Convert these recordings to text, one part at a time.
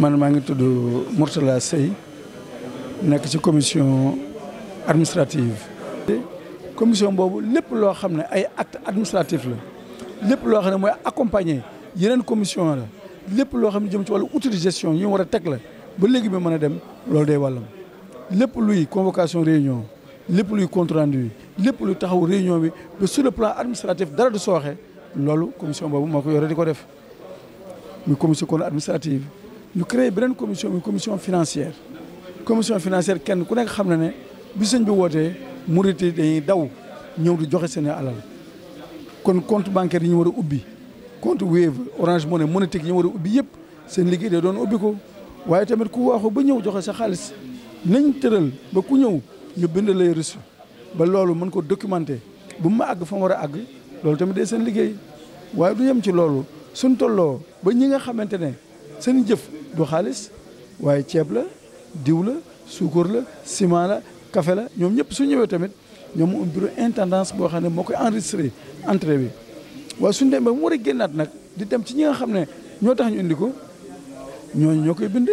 man maa ngi tudd Mourtala Sey nekk ci commission administrative. commission boobu lépp loo xam ne ay acte administratif la lépp loo xam ne mooy accompagner yeneen commission la lépp loo xam ne jëm ci wàllu outil de gestion yi war a teg la ba léegi bi mën a dem loolu day wàllam lépp luy convocation réunion lépp luy compte rendu lépp luy taxaw réunion bi ba sur le plan administratif dara du sooxe. loolu commission boobu moo ko yore di ko def muy commission kon administrative ñu créé beneen commission muy commission financière commission financière kenn ku nekk xam na ne bi sëñ bi wootee murit yi dañuy daw ñëw di joxe seen alal kon compte bancaire yi ñu war a ubbi compte Wave Orange mën monétique yi ñu war a ubbi yëpp seen liggéey de doon ubbi ko waaye tamit ku waaxu ba ñëw joxe sa xaalis nañ tëral ba ku ñëw ñu bind lay reçu ba loolu mën ko documenter bu mu ma àgg fa war a àgg loolu tamit de seen liggéey waaye du yem ci loolu suñ tolloo ba ñi nga xamante ne seen jëf du xaalis waaye ceeb la diw la suukar la ciment la kafe la ñoom ñëpp su ñëwee tamit ñoom mu am bureau intendance boo xam ne moo koy enregistré entrée bi waaye suñ demee ba mu war a génnaat nag di dem ci ñi nga xam ne ñoo tax ñu indi ko ñooñu ñoo koy bind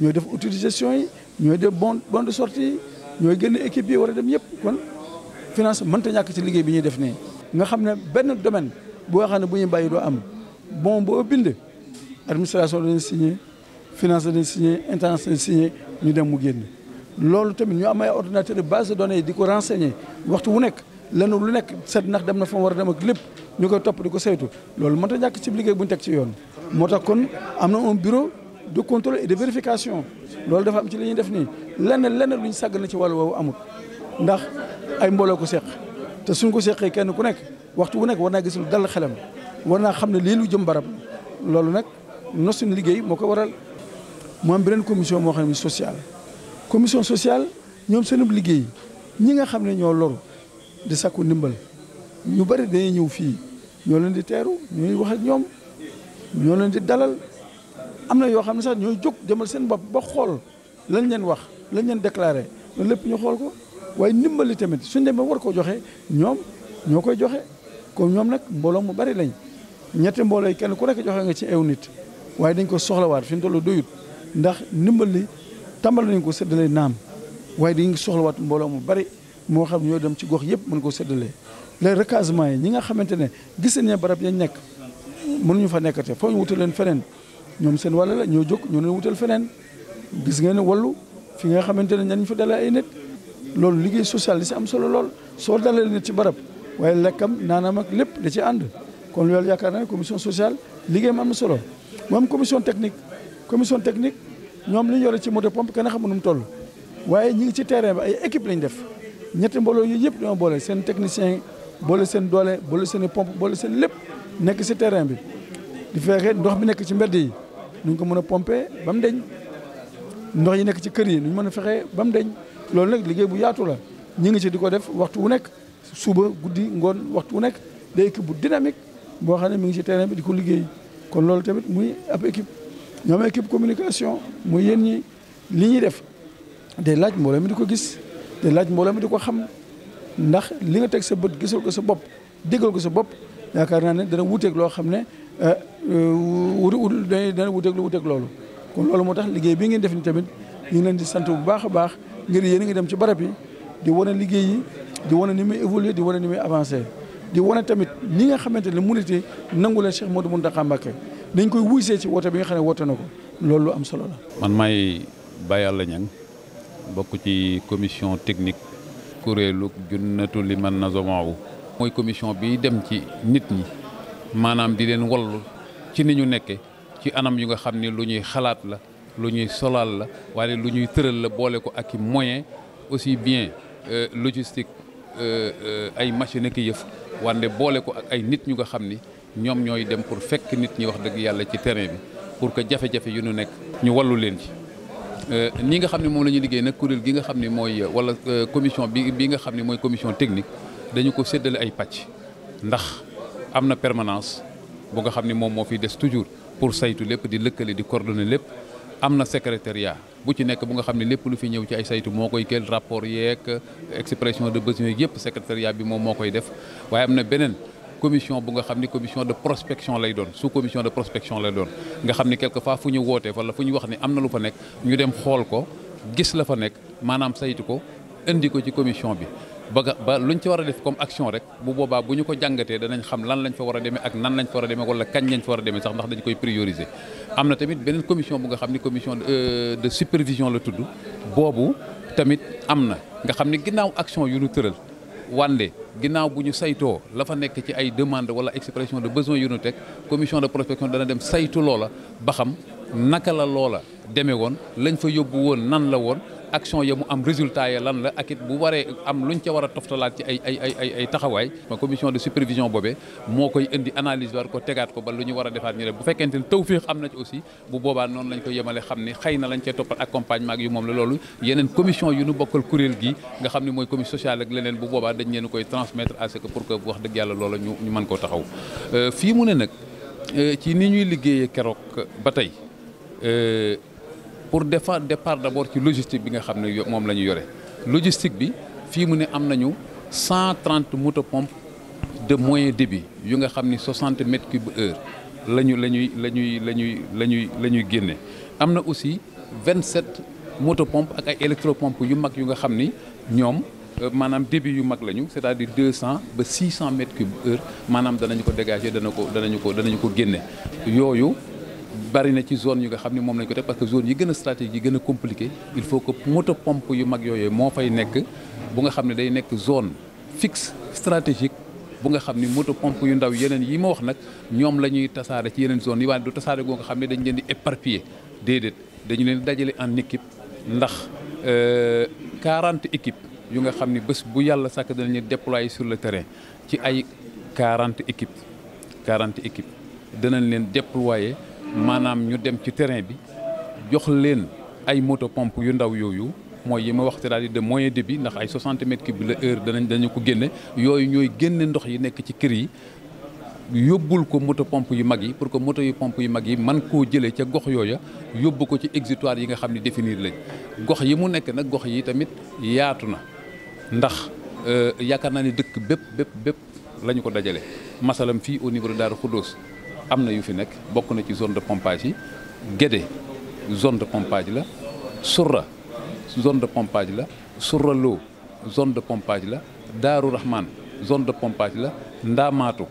ñoo def utilisation yi ñooy def bon bon de sortie yi ñooy génn équipe yi war a dem yëpp kon finance mënta ñàkk ci liggéey bi ñuy def nii nga xam ne benn domaine boo xam ne bu ñu mbayi doo am bon bu bind administration dañu signé finance dañu signé intendance dañu signé ñu dem mu génn loolu tamit ñu am ay ordinateur de base yi di ko renseigner waxtu wu nekk lanu lu nekk seet nax dem na fa war dem ak lépp ñu ko topp di ko saytu loolu mënut a ñàkk ci liggéey bu ñu ci yoon. moo tax kon am na un bureau de contrôle et de vérification loolu dafa ci li ñuy def nii lenn lenn lu ñu sàgg na ci wàllu woowu amul ndax ay mbooloo ko seq. te suñ ko seqee kenn ku nekk waxtu wu nekk war naa gis dal xelam war naa xam ne lii lu jëm barab loolu nag nosuñ liggéey moo ko waral mu am beneen commission moo xam ne sociale commission sociale ñoom seenub liggéey ñi nga xam ne ñoo loru di sakku ndimbal ñu bari dañuy ñëw fii ñoo leen di teeru ñooy wax ñoom ñoo leen di dalal am na yoo xam ne sax ñooy jóg jëmal seen bopp ba xool lañ leen wax lañ leen déclaré loolu lépp ñu xool ko waaye ndimbali tamit suñ demee war ko joxe ñoom ñoo koy joxe kon ñoom nag mbooloom mu bari lañ ñetti mbooloo kenn ku nekk joxe nga ci ew nit waaye dañ ko soxlawaat fi ñu toll doyut ndax ndimbal ndimbali tàmbal nañ ko séddale naam waaye dañ soxlawaat mbooloo mu bari moo xam ñoo dem ci gox yëpp mën ko séddalee les recasement yi ñi nga xamante ne gis nañ ne barab yañ nekk mënuñu fa nekkate foo ñu wutal leen feneen ñoom seen wàll la ñoo jóg ñoo leen wutal feneen gis ngeen ne wallu fi nga xamante ne ñan ñu fa dalee ay nit loolu liggéey social li si am solo lool soo dalee nit ci barab waaye lekkam naanam ak lépp li ci ànd kon loolu yaakaar na commission sociale liggéeyam am na solo mu am commission technique commission technique ñoom li ñu yore ci moto pompe kenn xamu nu mu toll waaye ñi ngi ci terrain bi ay équipe lañ def ñetti mbooloo yooyu yëpp dañoo boole seen technicien boole seen doole boole seen i pompe boole seen lépp nekk si terrain bi di fexe ndox mi nekk ci mbedd yi nu ñu ko mën a pomper ba mu ndox yi nekk ci kër yi nu mën a fexe ba mu deñ loolu nag liggéey bu yaatu la ñu ngi ci di ko def waxtu wu nekk suba guddi ngoon waxtu wu nekk day équipe bu dynamique boo xam ne mi ngi ci terrain bi di ko liggéey kon loolu tamit muy ab équipe ñoom équipe communication muy yéen ñi li ñuy def day laaj mbooloo mi di ko gis day laaj mbooloo mi di ko xam ndax li nga teg sa bët gisal ko sa bopp déggal ko sa bopp yaakaar naa ne dana wuteeg loo xam ne eh, eh, wut dana wuteeg lu wuteeg loolu kon loolu moo tax liggéey bii ngeen def ni tamit ñu ngi leen di sant bu baax a baax ngir yéen a ngi dem ci barab yi di wane liggéey yi di wane ni muy évoluer di wane ni muy avancer di wane tamit ñi nga xamante ne munite nangu leen Cheikh Modou Mountakha Mbacké nañ koy wuysee ci woote bi nga woote na ko loolu lu am solo la. man may Baye Alla Niang bokk ci commission technique kuréelu junnatu li man nazamaawu mooy commission bi dem ci nit ñi maanaam di leen wallu ci ni ñu nekke ci anam yu nga xam ni lu ñuy xalaat la. lu ñuy solal la waaye lu ñuy tëral la boole ko ak i moyen aussi bien euh, logistique euh, euh, ay machine ki yëf wande boole ko ak ay nit ñu nga xam ni ñoom ñooy dem pour fekk nit ñi wax dëgg yàlla ci terrain bi pour que jafe-jafe yu nu nekk ñu wallu leen ci ñi nga xam ne moom la ñuy liggéey nag kuréel gi nga xam ni mooy wala commission bi bi nga xam ne mooy commission technique dañu ko séddale ay pàcc ndax am na permanence bu nga xam ne moom moo fi des toujours pour saytu lépp di lëkkale di coordonner lépp am na secrétariat bu ci nekk bu nga xam ne lépp lu fi ñëw ci ay saytu moo koy kel rapport yeeg expression de besoin yëpp secrétariat bi moom moo koy def waaye am na beneen commission bu nga xam ni commission de prospection lay doon su commission de prospection lay doon nga xam ni quelque fois fu ñu wootee wala fu ñu wax ni am na lu fa nekk ñu dem xool ko gis la fa nekk maanaam saytu ko indi ko ci commission bi ba ba luñ ci war a def comme action rek bu boobaa bu ñu ko jàngatee danañ xam lan lañ fa war a demee ak nan lañ fa war a deme wala kañ lañ a demee sax ndax dañ koy prioriser. am na tamit beneen commission bu nga xam ni commission de euh, supervision la tudd boobu tamit am na nga xam ni ginnaaw action yu ñu wande ginnaaw bu ñu saytoo la nekk ci ay demande wala expression de besoin yu teg commission de prospection dana dem saytu loola ba xam naka la loola demee woon lañ fa yóbbu woon nan la woon action ya mu am résultat ya lan la ak it bu waree am luñ ca war a toftalaat ci ay ay ay taxawaay ma commission de supervision boobee moo koy indi analyse war ko tegaat ko ba lu ñu war defaat ñu def bu fekkente ne tawféex am na ci aussi bu boobaa noonu lañ ko yemale xam ne xëy na lañ cee toppal accompagnement ak yu moom la loolu yeneen commission yu nu bokkal kuréel gi nga xam ne mooy commission sociale ak leneen bu boobaa dañ leen koy transmettre à ce que pour que wax dëgg yàlla loola ñu ñu koo taxaw euh, fii mu ne nag euh, ci ni ñuy liggéeyee keroog ba tey euh, pour defar départ d' abord ci logistique bi nga xam ne moom la ñu yore logistique bi fii mu ne am nañu cent trente moto pompe de moyen débit yu nga xam ni soixante mètres cube heure la ñu la ñuy la ñuy la ñuy la ñuy la ñuy génne am na aussi vingt sept moto pompe ak ay électropompe yu mag yu nga xam ni ñoom euh, maanaam débit yu mag lañu c' est à dire deux cent ba six cent mètres cube heure maanaam danañu ko dégager dana ko danañu ko danañu ko génne yooyu. bari na ci zone yu nga xam ne moom lañ ko def parce que zone yi gën a stratégie yi gën a compliqué il faut que moto pompe yu mag yooye moo fay nekk bu nga xam ne day nekk zone fix stratégique bu nga xam ni moto pompe yu ndaw yeneen yi ma wax nag ñoom la ñuy tasaare ci yeneen zone yi waaye du tasaare goo nga xam ne dañ leen di éparpiller déedéet dañu leen dajale en équipe ndax euh, quarante équipe yu nga xam ni bés bu yàlla sàkk danañu déployer sur le terrain ci ay quarante équipes quarante équipes danañ leen déployer maanaam ñu dem ci terrain bi jox leen ay moto pompe yu ndaw yooyu mooy yi ma wax c'est-à-dire de moyen débit ndax ay 60 mètres cubes la heure danañ dañu ko génne yooyu ñooy génne ndox yi nekk ci kër yi yóbbul ko moto pompe yu mag yi pour que moto yu pompe yu mag yi man koo jëlee ca gox yooya yóbbu ko ci exutoire yi nga xam ne définir lañ gox yi mu nekk nag gox yi tamit yaatu na ndax euh, yaakaar naa ne dëkk bépp bépp bépp la ñu ko dajale masalam fii au niveau de Darou am na yu fi nekk bokk na ci zone de pompage yi Guédé zone de pompage la Sourra zone de pompage la Sourra Lo zone de pompage la Daaru Rahman zone de pompage la Ndaamaatu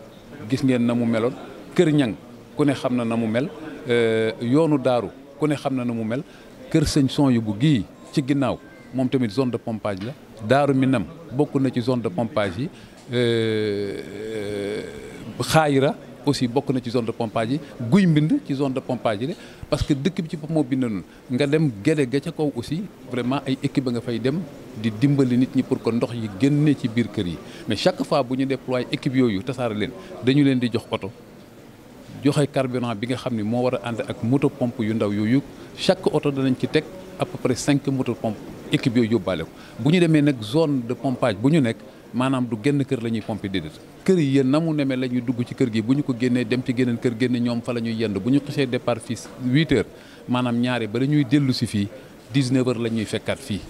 gis ngeen na mu meloon Kër Ñang ku ne xam na na mu mel euh, yoonu Daaru ku ne xam na na mu mel Kër Sëñ son yu bu gii ci ginnaaw moom tamit zone de pompage la Daaru Minam bokk na ci zone de pompage yi euh, euh, Xaayira aussi bokk na ci zone de pompage yi guy mbind ci zone de pompage yi la parce que dëkk bi ci bopp moo bind noonu nga dem gede ga ca kaw aussi vraiment ay équipe a nga fay dem di dimbali nit ñi pour que ndox yi génnee ci biir kër yi mais chaque fois bu ñu déployé équipe yooyu tasaare leen dañu leen di jox oto joxe carburant bi nga xam ni moo war a ànd ak moto pompe yu ndaw yooyu chaque oto danañ ci teg à peu près cinq moto pompe équipe yooyu yóbbaale ko bu ñu demee nag zone de pompage bu ñu nekk maanaam du génn kër la ñuy pompe déedéet kër yi yéen na mu nemee la ñuy dugg ci kër gi bu ñu ko génnee dem ci géneen kër génne ñoom fa la ñuy yend bu ñu xësee départ fii 8 heures maanaam ñaari ba dañuy dellu si fii 19 heures la ñuy fekkaat fii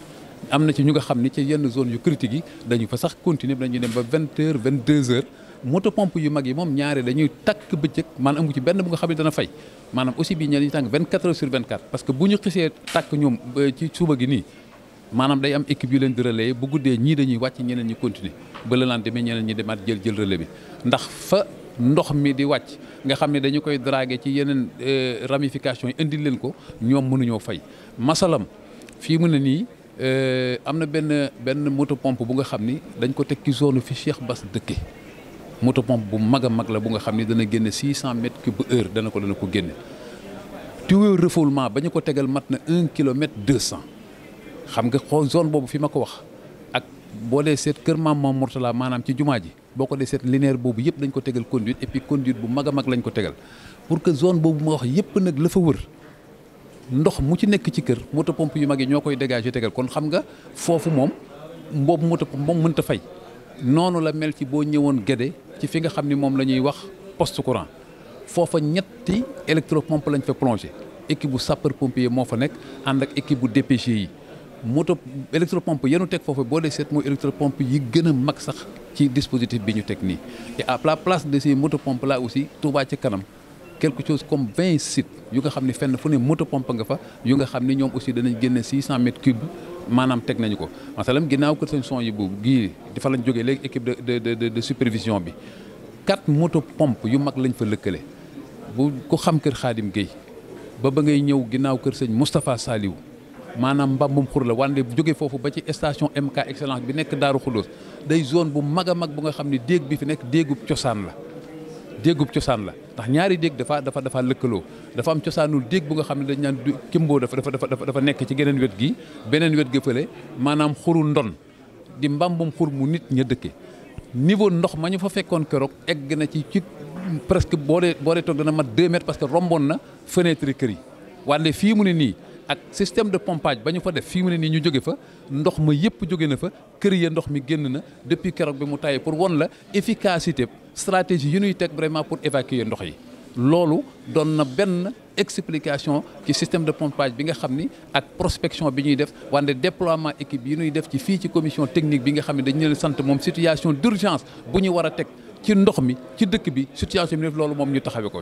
am na ci ñu nga xam ni ci yenn zone yu critique yi dañu fa sax continuer dañuy dem ba 20 heures 22 heures moto pompe yu mag yi moom ñaari lañuy takk bëccëg maanaam amu ci benn bu nga xam ne dana fay maanaam aussi bi ñenn ñi tàng 24 heures sur 24 gi nii maanaam day am équipe yu leen di bu guddee ñii dañuy wàcc ñeneen ñi continuer ba le lendemain ñeneen ñi demaat jël jël relais bi ndax fa ndox mi di wàcc nga xam ne dañu koy draguer ci yeneen euh, ramification yi indi leen ko ñoom mënuñoo fay masalam fii mu na nii euh, am na benn benn moto pompe bu nga xam ni dañ ko teg ci zone fi Cheikh Bass dëkke moto pompe bu mag a mag la bu nga xam ni dana génn 600 mètres cube heure dana ko dana ko génne tuyau refoulement ba ñu ko tegal mat na 1 kilomètre 200. xam nga xoo zone boobu fi ma ko wax ak boo dee seet kër maam moom Mourtala maanaam ci jumaa ji boo ko dee seet linéaire boobu yëpp dañ ko tegal conduite et puis conduite bu mag a lañ ko tegal pour que zone boobu ma wax yëpp nag la fa wër ndox mu ci nekk ci kër moto pompe yu mag yi ñoo koy dégager tegal kon xam nga foofu moom mboobu moto pompe moom mënta fay noonu la mel ci boo ñëwoon Guédé ci fi nga xam ni moom la ñuy wax poste courant foofa ñetti électropompe lañ fa plongé équipe bu sapeur pompier moo fa nekk ànd ak équipe bu DPG yi moto électropompe yenu teg foofu boo dee seet mooy électropompe yi gën a mag sax ci dispositif bi ñu teg nii et à la place de moto motopompes là aussi Touba ci kanam quelque chose comme vingt sites yu nga xam ne fenn fu ne pomp nga fa yu nga xam ne ñoom aussi danañ génne six cent mètres cubes maanaam teg nañu ko masalam ginnaaw kër sañ son yi bu gii dafa lañ jógee léegi équipe de de de supervision bi moto motopompes yu mag lañ fa lëkkale bu ko xam kër Xaadim Gueye ba ba ngay ñëw ginnaaw kër sëñ Moustapha Saliou maanaam mbambum xur la wande jóge foofu ba ci station MK excellence bi nekk Daaru Xulóos day zone bu mag a mag bu nga xam ne déeg bi fi nekk déegub cosaan la déegub cosaan la ndax ñaari déeg dafa dafa dafa lëkkaloo dafa am cosaanul déeg bu nga xam ne dañ naan kimboo dafa dafa dafa nekk ci geneen wet gi beneen wet gi fële maanaam xuru ndon di mbambum xur mu nit ña dëkke niveau ndox ma ñu fa fekkoon keroog egg na ci ci presque boo dee boo dee dana mat 2 parce que romboon na fenêtre kër yi wande fii mu ne nii ak système de pompage ba ñu fa def fii mu ne nii ñu jóge fa ndox ma yëpp jóge na fa kër ya ndox mi génn na depuis keroog bi mu tàyyi pour won la efficacité stratégie yi ñuy teg vraiment pour évacuer ndox yi. loolu doon na benn explication ci système de pompage bi nga xam ni ak prospection bi ñuy def wante déploiement équipe yi nuy def ci fii ci commission technique bi nga xam ne dañu leen sant moom situation d'urgence bu ñu war a teg ci ndox mi ci dëkk bi situation loolu moom ñu taxawee ko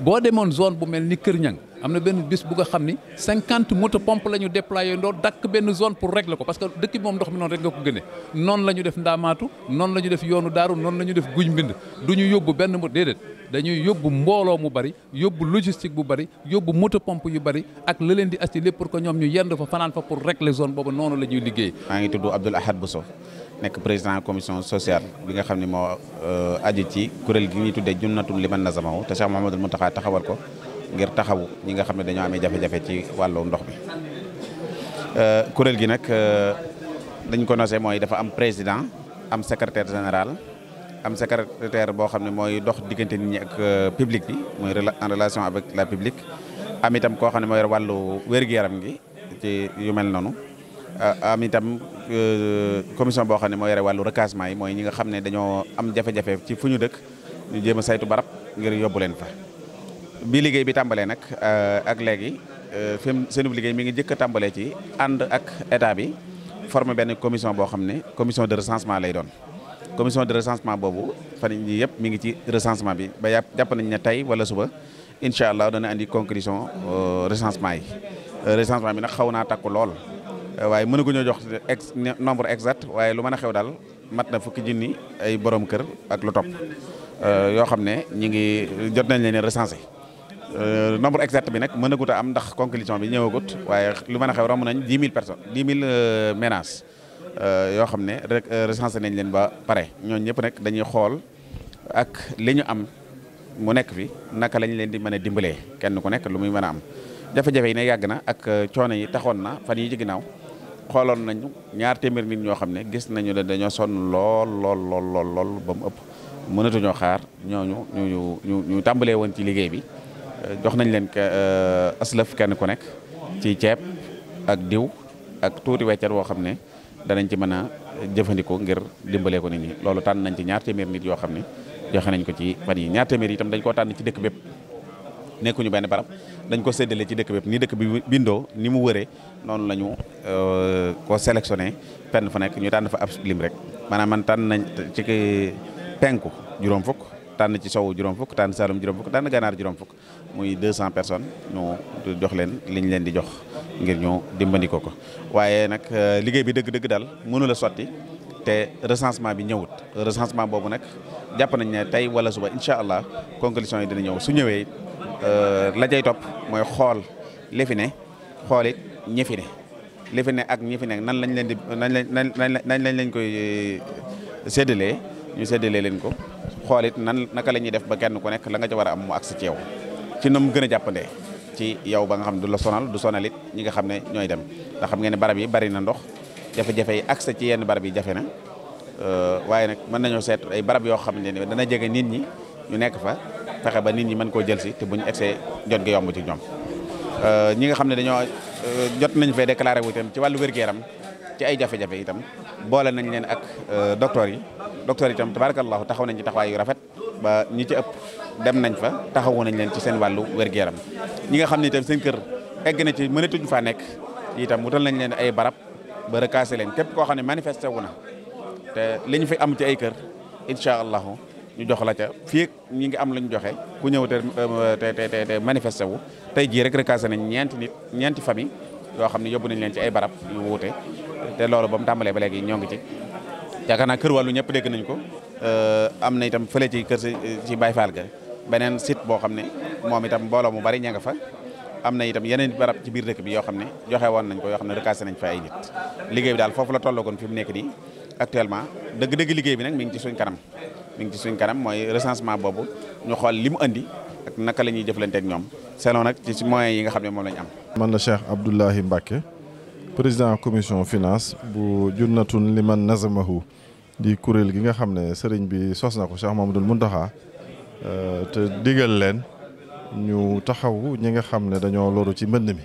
boo demoon zone bu mel ni Kër Ñang am na benn bis bu nga xam ni cinquante moto pomp lañu ñu déployé ndoo dakk benn zone pour régler ko parce que dëkk bi moom ndox mi noonu rek nga ko gënee noonu la def ndaamaatu noonu la ñu def yoonu daaru noonu la ñu def guñ mbind du ñu yóbbu benn mot déedéet dañuy yóbbu mbooloo mu bari yóbbu logistique bu bari yóbbu moto pompe yu bari ak la leen di asti lépp pour que ñoom ñu yend fa fanaan fa pour régler zone boobu noonu la ñuy liggéey. maa ngi tudd Abdoul Ahad Bousso nekk président commission nga xam ne moo euh, aju ci kuréel gi ñuy tuddee junnatul liman nazamahu te Cheikh Mouhamadul Mountakha taxawal ko ngir taxawu ñi nga xam ne dañoo amee jafe-jafe ci wàllu ndox mi bi euh, kuréel gi nag euh, dañ ko nosee mooy dafa am président am secrétaire général am secrétaire boo xam ne mooy dox diggante nit ñi ak euh, public bi mooy en relation avec la public am itam koo xam ne mooy wàllu wér-gu-yaram gi ci yu noonu am itam commission boo xam ne mooy yore wàllu recasement yi mooy ñi nga xam ne dañoo am jafe-jafe ci fu ñu dëkk ñu jéem a saytu barab ngir yóbbu leen fa bi liggéey bi tàmbalee nag euh, ak léegi euh, fi mu seen liggéey mi ngi njëkk a tàmbalee ci ànd ak état bi forme benn commission boo xam ne commission de recensement lay doon. commission de recensement boobu fan yii yëpp mi ngi ci recensement bi ba jàpp nañ ne tey wala suba incha allah dana andi conclusion euh, recensement yi recensement bi nag xaw naa takku lool. waaye mënu ko ñoo jox ex nombre exact waaye lu mën a xew daal mat na fukki junni ay borom kër ak lu topp yoo xam ne ñi ngi jot nañ leen recensé. Euh, nombre exact bi nag mën a gut am ndax conclusion bi ñëwagut waaye lu mën a xew ramu nañ dix mille personnes dix mille euh, ménages euh, yoo xam ne rek nañ leen ba pare ñooñu ñëpp nag dañuy xool ak li ñu am mu nekk fi naka lañ leen di mën a dimbalee kenn ku nekk lu muy mën a am jafe-jafe yi ne yàgg na ak coono yi taxoon na fan yi ci ginnaaw xooloon nañu ñaar téeméer nit ñoo xam ne gis nañu ne dañoo sonn lool lool lool lool lool ëpp mënatuñoo xaar ñooñu ñu ñu ñu woon ci liggéey bi jox nañ leen euh, aslëf kenn ku nekk ci ceeb ak diw ak tuuti weccat woo xam ne danañ ci mën a jëfandikoo ngir dimbalee ko nit ñi loolu tànn nañ ci ñaar téeméer nit yoo xam ne joxe nañ ko ci fan yi ñaar téeméer yi tam dañ koo tànn ci dëkk bépp nekkuñu benn barab dañ ko séddale ci dëkk bépp ni dëkk bi bindoo ni mu wëree noonu la ñu euh, ko sélectionné fenn fa nekk ñu tànn fa ab lim rek maanaam man tànn nañ ci penku juróom fukk tànn ci sowu juróom fukk tànn saalum juróom fukk tànn ganaar juróom fukk muy 200 personnes ñu jox leen liñ leen di jox ngir ñu dimbali ko ko waaye nag euh, liggéey bi dëgg-dëgg daal mënu la sotti te recensement bi ñëwut recensement boobu nag jàpp nañ ne tey wala suba incha allah conclusion yi dina ñëw su ñëwee euh, la jay topp mooy xool li fi ne xool it ñi fi ne ak ñi fi ne nan lañ leen di nan lañ nan lañ lañ koy euh, séddalee ñu séddalee leen ko. xoolit nan naka la ñuy def ba kenn ku nekk la nga ca war a am mu agsi ci yow ci nam gën a jàppandee ci yow ba nga xam du la sonal du sonalit ñi nga xam ne ñooy dem ndax xam ngeen ne barab yi bari na ndox jafe-jafe yi accès ci yenn barab yi jafe na euh, waaye nag mën nañoo seet ay barab yoo xam ne dana jege nit ñi ñu nekk fa fexe ba nit ñi mën koo jël si te buñu egsee jot gi yomb ci ñoom euh, ñi nga xam ne dañoo euh, jot nañ fee déclaré wu itam ci wàllu wér-gu-yaram ci ay jafe-jafe itam boole nañ leen ak docteur yi docteur itam tabarakallahu taxaw nañ ci taxawaay yu rafet ba ñi ci ëpp dem nañ fa taxawu nañ leen ci seen wàllu wér gu ñi nga xam ne itam seen kër egg na ci mënatuñ faa nekk itam wutal nañ leen ay barab ba recasé leen képp koo xam ne manifesté wu na te li ñu fi am ci ay kër incha allahu ñu jox la ca fii ñi ngi am lu ñu joxe ku ñëw te te te manifesté wu tey jii rek recasé nañ ñeenti nit ñeenti famille yoo xam ne yóbbu nañ leen ci ay barab yu wuute te loolu ba mu tàmbalee ba léegi ñoo ngi ci yaakaar naa kër wàllu ñëpp dégg nañ ko euh, am na itam fële ci kër ci Baye Fall ga beneen site boo xam ne moom itam mbooloo mu bari ña nga fa am na itam yeneen barab ci biir dëkk bi yoo xam ne joxe woon nañ ko yoo xam ne recasé nañ fa ay nit liggéey bi daal foofu la tollagoon fi mu nekk nii actuellement dëgg-dëgg liggéey bi nag mi ngi ci suñ kanam mi ngi ci suñ kanam mooy recensement boobu ñu xool li mu indi ak naka la ñuy jëflante ak ñoom selon nag ci moyens yi nga xam ne moom lañ am. man la Cheikh Abdoulahi Mbacke. président commission finance bu junnatun liman nazamahu di kuréel gi nga xam ne sëriñ bi sos na ko Cheikh Mamadou Mountakha euh, te digal leen ñu taxaw ñi nga xam ne dañoo loru ci mbënd mi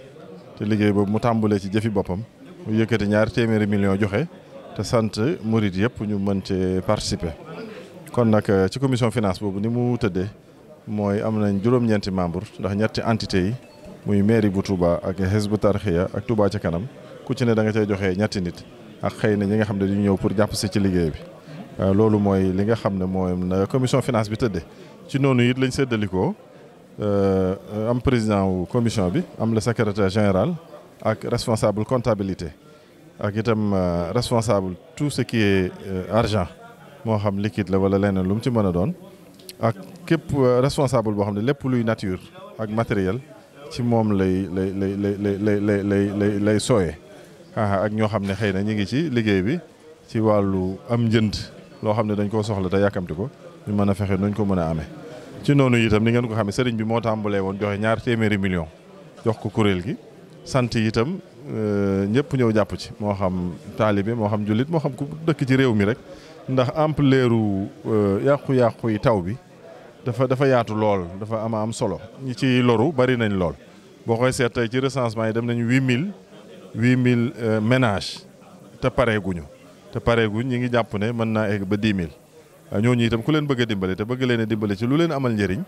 te liggéey boobu mu tàmbalee ci jëfi boppam mu yëkkati ñaar téeméeri million joxe te sant murit yëpp ñu mën cee participer kon nag euh, ci commission finance boobu ni mu tëddee mooy am nañ juróom-ñeenti membre ndax ñetti entité yi muy mairie bu Touba ak Hizbut Tarqiyyah ak Touba ca kanam ku ci ne da nga cay joxe ñetti nit ak xëy na ñi nga xam ne dañu ñëw pour jàpp si ci liggéey bi euh, loolu mooy li nga xam ne mooy commission finance bi tëddee ci noonu it lañ séddalikoo euh, am président wu commission bi am le secrétaire général ak responsable comptabilité ak itam euh, responsable tout ce qui est argent moo xam liquide la wala leneen lu mu ci mën a doon ak képp responsable boo xam ne lépp luy nature ak matériel ci moom lay lay lay lay lay lay lay lay sooyee ak ñoo xam ne xëy na ñu ngi ci liggéey bi ci wàllu am njënt loo xam ne dañ koo soxla te yàkkamti ko ñu mën a fexe nuñ ko mën a amee. ci noonu itam ni ngeen ko xamee sëriñ bi moo tàmbalee woon joxe ñaar téeméeri million jox ko kuréel gi sant itam euh, ñëpp ñëw jàpp ci moo xam taalibe moo xam jullit moo xam ku dëkk ci réew mi rek ndax ampleur-u euh, yàqu-yàqu yi taw bi dafa dafa yaatu lool dafa ama am solo ñi ci loru bari nañ lool boo koy seet tey ci recensement yi dem nañu 8000 huit mille euh, ménages te pareeguñu te pareeguñ ñi ngi jàpp ne mën naa egg ba dix mille ñoo euh, ñooñu itam ku leen bëgg a dimbale te bëgg leen a dimbale ci lu leen amal njëriñ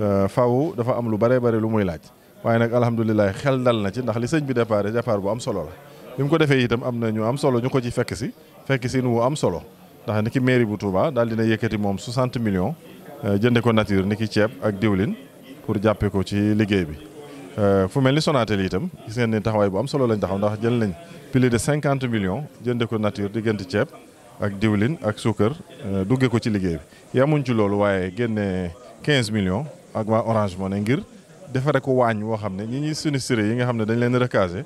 euh, faaw dafa am lu bare bare lu muy laaj waaye nag alhamdulillah xel dal na ci ndax li sëñ bi départ départ bu am solo la bi mu ko defee itam am na ñu am solo ñu ko ci fekk si fekk si nu am solo ndax ni ki mairie bu Touba daal dina yëkkati moom 60 million jënde ko nature ni ki ceeb ak diwlin pour jàppe ko ci liggéey bi Euh, fu mel ni Sonatel itam gis ngeen ni taxawaay bu am solo lañ taxaw ndax jël nañ plus de cinquante millions jënde ko nature diggante ceeb ak diwlin ak suukar euh, duggee ko ci liggéey bi yamuñ ci loolu waaye génne quinze million ak waa Orange Money ngir defaree ko waañ woo xam ne ñi ñuy sinistré yi nga xam ne dañ leen recaser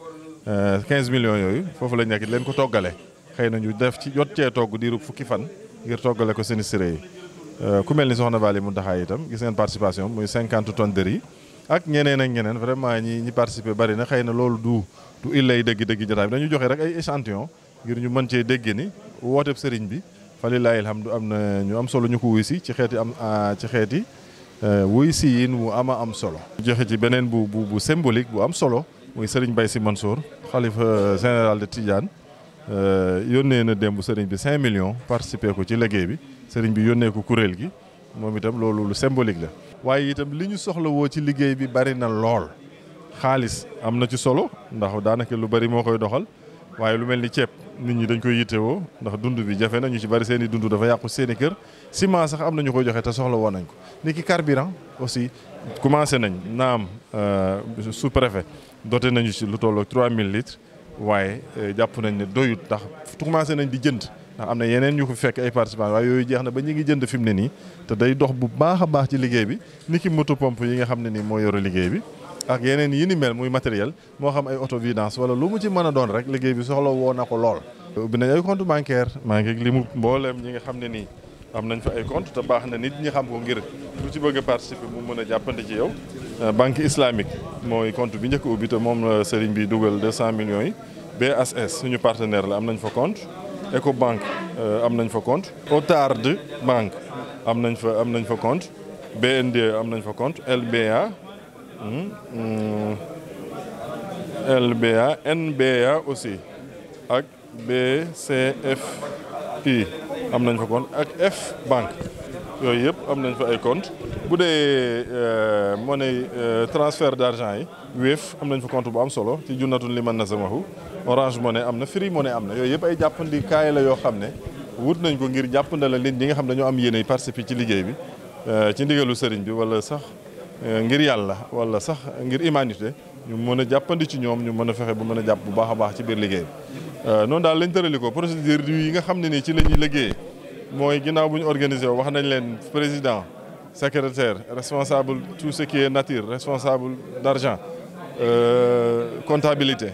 euh, quinze millions yooyu foofu lañ nekk leen ko toggale xëy na ñu def ci jot cee togg diiru fukki fan ngir toggale ko sinistré yi ku mel ni soxna Valy Mountakha itam gis ngeen participation muy cinquante tonnes de ak ñeneen ak ñeneen vraiment ñi ñi participer bari na xëy na loolu du du illay dégg dëgg jotaay bi dañu joxe rek ay échantillon ngir ñu mën cee dégg ni wooteeb sëriñ bi falilaahi alhamdu am na ñu am solo ñu ko wuy si ci xeeti am ci xeeti e, wuy si yin wu ama am solo. joxe ci beneen bu bu bu bu am solo muy sëriñ Baye Sy Mansour xalifa général de Tidiane e, yónnee na démb sëriñ bi 5 millions participer ko ci liggéey bi sëriñ bi yónnee ko kuréel gi moom itam loolu lu symbolique la. waaye itam li ñu soxlawoo ci liggéey bi bari na lool xaalis am na ci solo ndax daanaka lu bari moo koy doxal waaye lu mel ni ceeb nit ñi dañ koy woo ndax dund bi jafe nañu ci bari seeni dundu dund dafa yàqu seen i kër ciment sax am na ñu koy joxe te soxla woon nañ ko. ni ki carburant aussi commencé nañ naam euh, sous-préfet doté nañu ci lu tollook mille litres. waaye euh, jàpp nañ ne doyut tax commencé nañ di jënd ndax am na yeneen ñu ko fekk ay participants waaye yooyu jeex na ba ñu ngi jënd fi mu ne nii te day dox bu baax a baax ci liggéey bi ni ki moto pompe yi nga xam ne nii moo yore liggéey bi ak yeneen yi ni mel muy matériel moo xam ay auto vidange wala lu mu ci mën a doon rek liggéey bi soxla woo na ko lool. ubbi nañ ay compte bancaire maa ngi li mu mbooleem ñi nga xam ne nii am nañ fa ay compte te baax na nit ñi xam ko ngir lu ci bëggee a bu mu mën a jàppante ci yow. Euh, banque islamique mooy compte bi njëkk ubbi moom la bi dugal de 200 millions yi BSS suñu partenaire la am nañ fa compte. Ecobank euh, am nañ fa compte. Otard banque am nañ fa am nañ fa compte. am nañ fa compte LBA. Hmm, hmm, LBA NBA aussi ak BCFI. am nañ fa compte ak F banque yooyu yëpp am nañ fa ay compte bu dee euh, monnaie euh, transfert d' argent yi Wave am nañ fa compte bu am solo ci li junnatun liman nasamahu Orange Money am na Free Money am na yooyu yëpp ay jàppandi kaay la yoo xam ne wut nañ ko ngir jàppandala nit ñi nga xam ne dañoo am yéene participer ci liggéey bi euh, ci ndigalu sëriñ bi wala sax ngir yàlla wala sax ngir humanité ñu mën a jàppandi ci ñoom ñu mën a fexe ba mën a jàpp bu baax a baax ci biir liggéey Euh, noonu daal lañ tërali ko procédure yi nga xam ne ni ci la ñuy liggéey mooy ginnaaw bu ñu organisé wax nañ leen président secrétaire responsable tout ce qui est nature responsable d'argent euh, comptabilité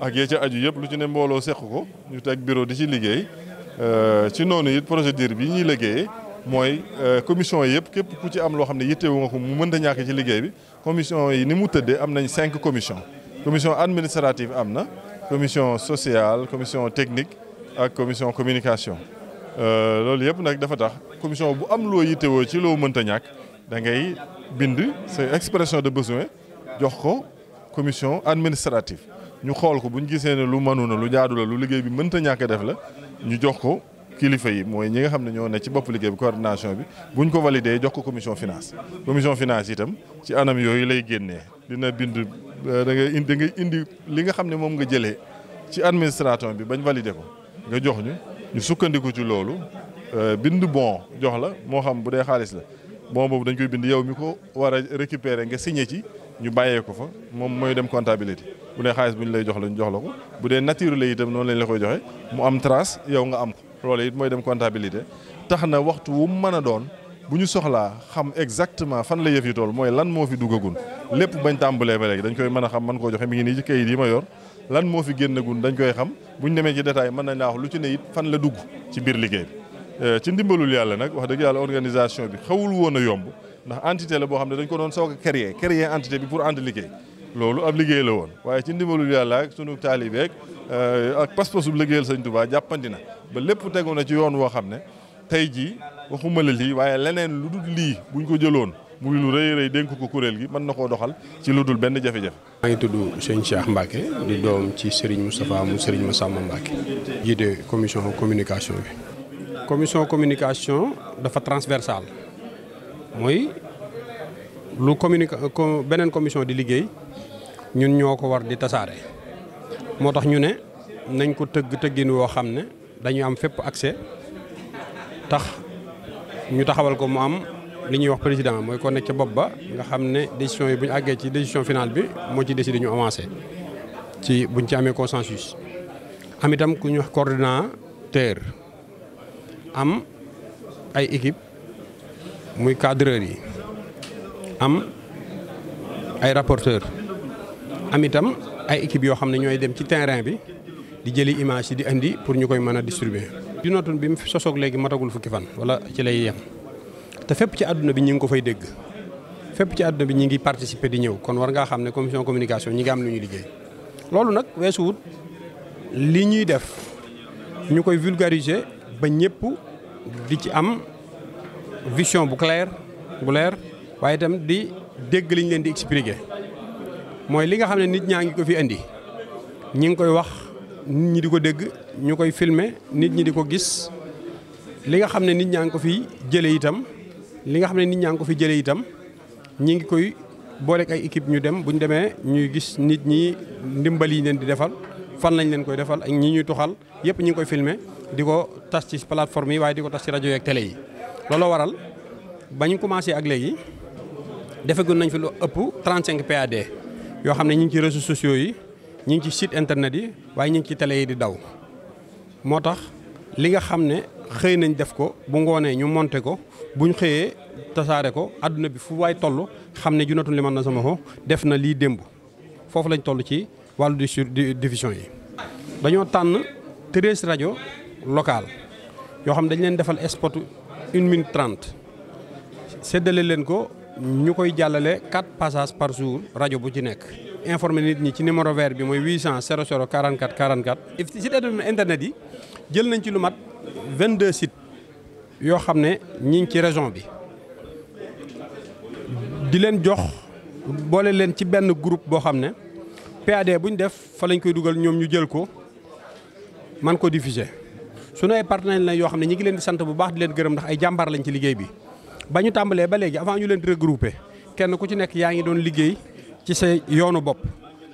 ak yee ca aju yëpp lu ci ne mbooloo seq ko ñu teg bureau di ci liggéey euh, ci noonu it procédure bi ñuy liggéey mooy commission yi yëpp képp ku ci am loo xam ne yitteewu nga ko mu mënta ñàkk ci liggéey bi commission yi ni mu tëddee am nañ cinq commission commission administrative am na commission sociale commission technique ak commission communication euh, loolu yëpp nag dafa tax commission bu am loo yittewoo ci loo mënta ñàkk da ngay bind sa expression de besoin jox ko commission administrative ñu xool ko bu ñu gisee ne lu mënu na lu jaadu la lu liggéey bi mënta ñàkk def la ñu jox ko kilifa yi mooy ñi nga xam ne ñoo ne ci bopp liggéey bi coordination bi bu ñu ko validé jox ko commission finance commission finance itam ci anam yooyu lay génnee dina bind. Euh, da ngay indi da indi li nga xam ne moom nga jëlee ci administration bi bañ validé ko nga jox ñu ñu sukkandiku ci loolu euh, bind bon jox la moo xam bu dee xaalis la bon boobu dañ koy bind yow mi ko war a récupérer nga signé ci ñu bàyyee ko fa moom mooy dem comptabilité bu dee xaalis bu ñu lay jox la ñu jox la ko bu dee nature la itam noonu lañ la koy joxe mu am trace yow nga am ko loolu it mooy dem comptabilité tax na waxtu wu mu mën a doon. bu ñu soxlaa xam exactement fan la yëf yi tool mooy lan moo fi duggagun lépp bañ tàmbalee ma léegi dañ koy mën a xam man koo joxe mi ngi nii ci kayit yi ma yor lan moo fi génnagun dañ koy xam bu ñu demee ci détail mën nañ laa wax lu ci ne it fan la dugg ci biir liggéey bi euh, ci ndimbalul yàlla nag wax dëgg yàlla organisation bi xawul woon a yomb ndax entité la boo xam ne dañ ko doon soog a créer créer entité bi pour ànd liggéey loolu ab liggéey la woon waaye ci ndimbalul yàlla ak sunu taalibeeg euh, ak pas-pasu liggéeyal sëñ Tuubaa jàppandi na ba lépp tegu na ci yoon woo xam ne waxuma la lii waaye leneen lu dul lii buñ ko jëloon muy lu rëy rëy dénk ko kuréel gi mën na koo doxal ci lu dul benn jafe-jafe. maa ngi tudd sëñ Cheikh Mbacke di doom ci Serigne Moustapha mu Serigne Massamba Mbacke. jiite commission communication bi. commission communication dafa transversale mooy lu communica beneen commission di liggéey ñun ñoo ko war di tasaare. moo tax ñu ne nañ ko tëgg tëggin woo xam ne dañu am fépp accès tax. ñu taxawal ko mu am li ñuy wax président mooy ko ca bopp ba nga xam ne décision yi bu ñu àggee ci décision finale bi moo ci décidé ñu avancé ci buñ ci amee consensus. am itam ku ñu wax coordinateur am ay équipe muy cadreur yi am ay rapporteur am itam ay équipe yoo xam ne ñooy dem ci terrain bi di jëli image yi di indi pour ñu koy mën a distribuer. junatun bi mu fi sosoog léegi matagul fukki fan wala ci lay yem te fépp ci àdduna bi ñu ngi ko fay dégg fépp ci àdduna bi ñu ngi participer di ñëw kon war ngaa xam ne commission communication ñi nga am lu ñu liggéey loolu nag weesuwut li ñuy def ñu koy vulgariser ba ñëpp di ci am vision bu claire bu leer waaye itam di dégg liñ leen di expliquer mooy li nga xam ne nit ñaa ngi ko fi indi ñi ngi koy wax. nit ñi di ko dégg ñu koy filme nit ñi di ko gis li nga xam ne nit ñaa ngi ko fi jëlee itam li nga xam ne nit ñaa ngi ko fi jëlee itam ñi ngi koy booleeg ay équipe ñu dem bu ñu demee ñuy gis nit ñi ndimbal yi leen di defal fan lañu leen koy defal ak ñi ñuy toxal yëpp ñu ngi koy filmer di ko tas ci plateforme yi waaye di ko tas ci rajo yi ak yi. looloo waral ba ñu commencé ak léegi defegoon nañ fi lu ëpp 35 PAD yoo xam ne ñu ngi ci réseaux sociaux yi. ñu ngi ci site internet yi waaye ñu ngi ci télé yi di daw moo tax li nga xam ne xëy nañ def ko bu ngoonee ñu monté ko buñ xëyee tasaare ko àdduna bi fu waaye toll xam ne na Liman Nasamahu def na lii démb foofu lañ toll ci wàllu diffusion yi. dañoo tànn treize rajo locale yoo xam dañ leen defal spot une minute trente séddale leen ko ñu koy jàllale quatre passages par jour rajo bu ci nekk. informer nit ñi ci numéro vert bi mooy 800 00 44 44. site internet yi jël nañ ci lu mat 22 sites yoo xam ne ñi ngi ci région bi di leen jox boole leen ci benn groupe boo xam ne PAD bu ñu def fa lañ koy dugal ñoom ñu jël ko man ko diffuser. suñu ay partenaires la yoo xam ne ñi ngi leen di sant bu baax di leen gërëm ndax ay jàmbaar lañ ci liggéey bi ba ñu tàmbalee ba léegi avant ñu leen di regroupé kenn ku ci nekk yaa ngi doon liggéey. ci sa yoonu bopp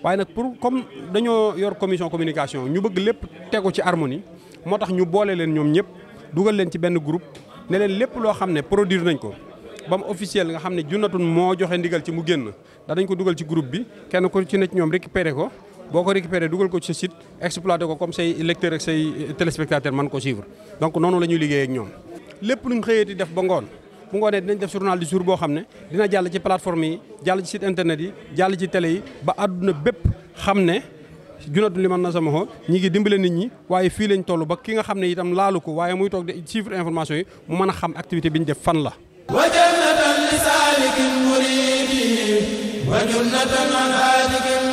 waaye nag pour comme dañoo yor commission communication ñu bëgg lépp tegu ci harmonie moo tax ñu boole leen ñoom ñëpp dugal leen ci benn group ne lépp loo xam ne produir nañ ko ba mu officiel nga xam ne junnatun moo joxe ndigal ci mu génn danañ ko dugal ci groupe bi kenn ku ci nekk ñoom récupéré ko boo ko récupéré dugal ko ci sa site exploité ko comme say lecteurs say téléspectateurs man ko suivre donc noonu la ñuy liggéey ñoom lépp luñ xëyati def ba ngoon bu ngoonee dinañ def journal du jour boo xam ne dina jàll ci plateforme yi jàll ci site internet yi jàll ci télé yi ba àdduna bépp xam ne junatu li mën na sama xoo ñi ngi dimbale nit ñi waaye fii lañ toll ba ki nga xam ne itam laalu ko waaye muy toog de chiffre information yi mu mën a xam activité bi ñu def fan la wa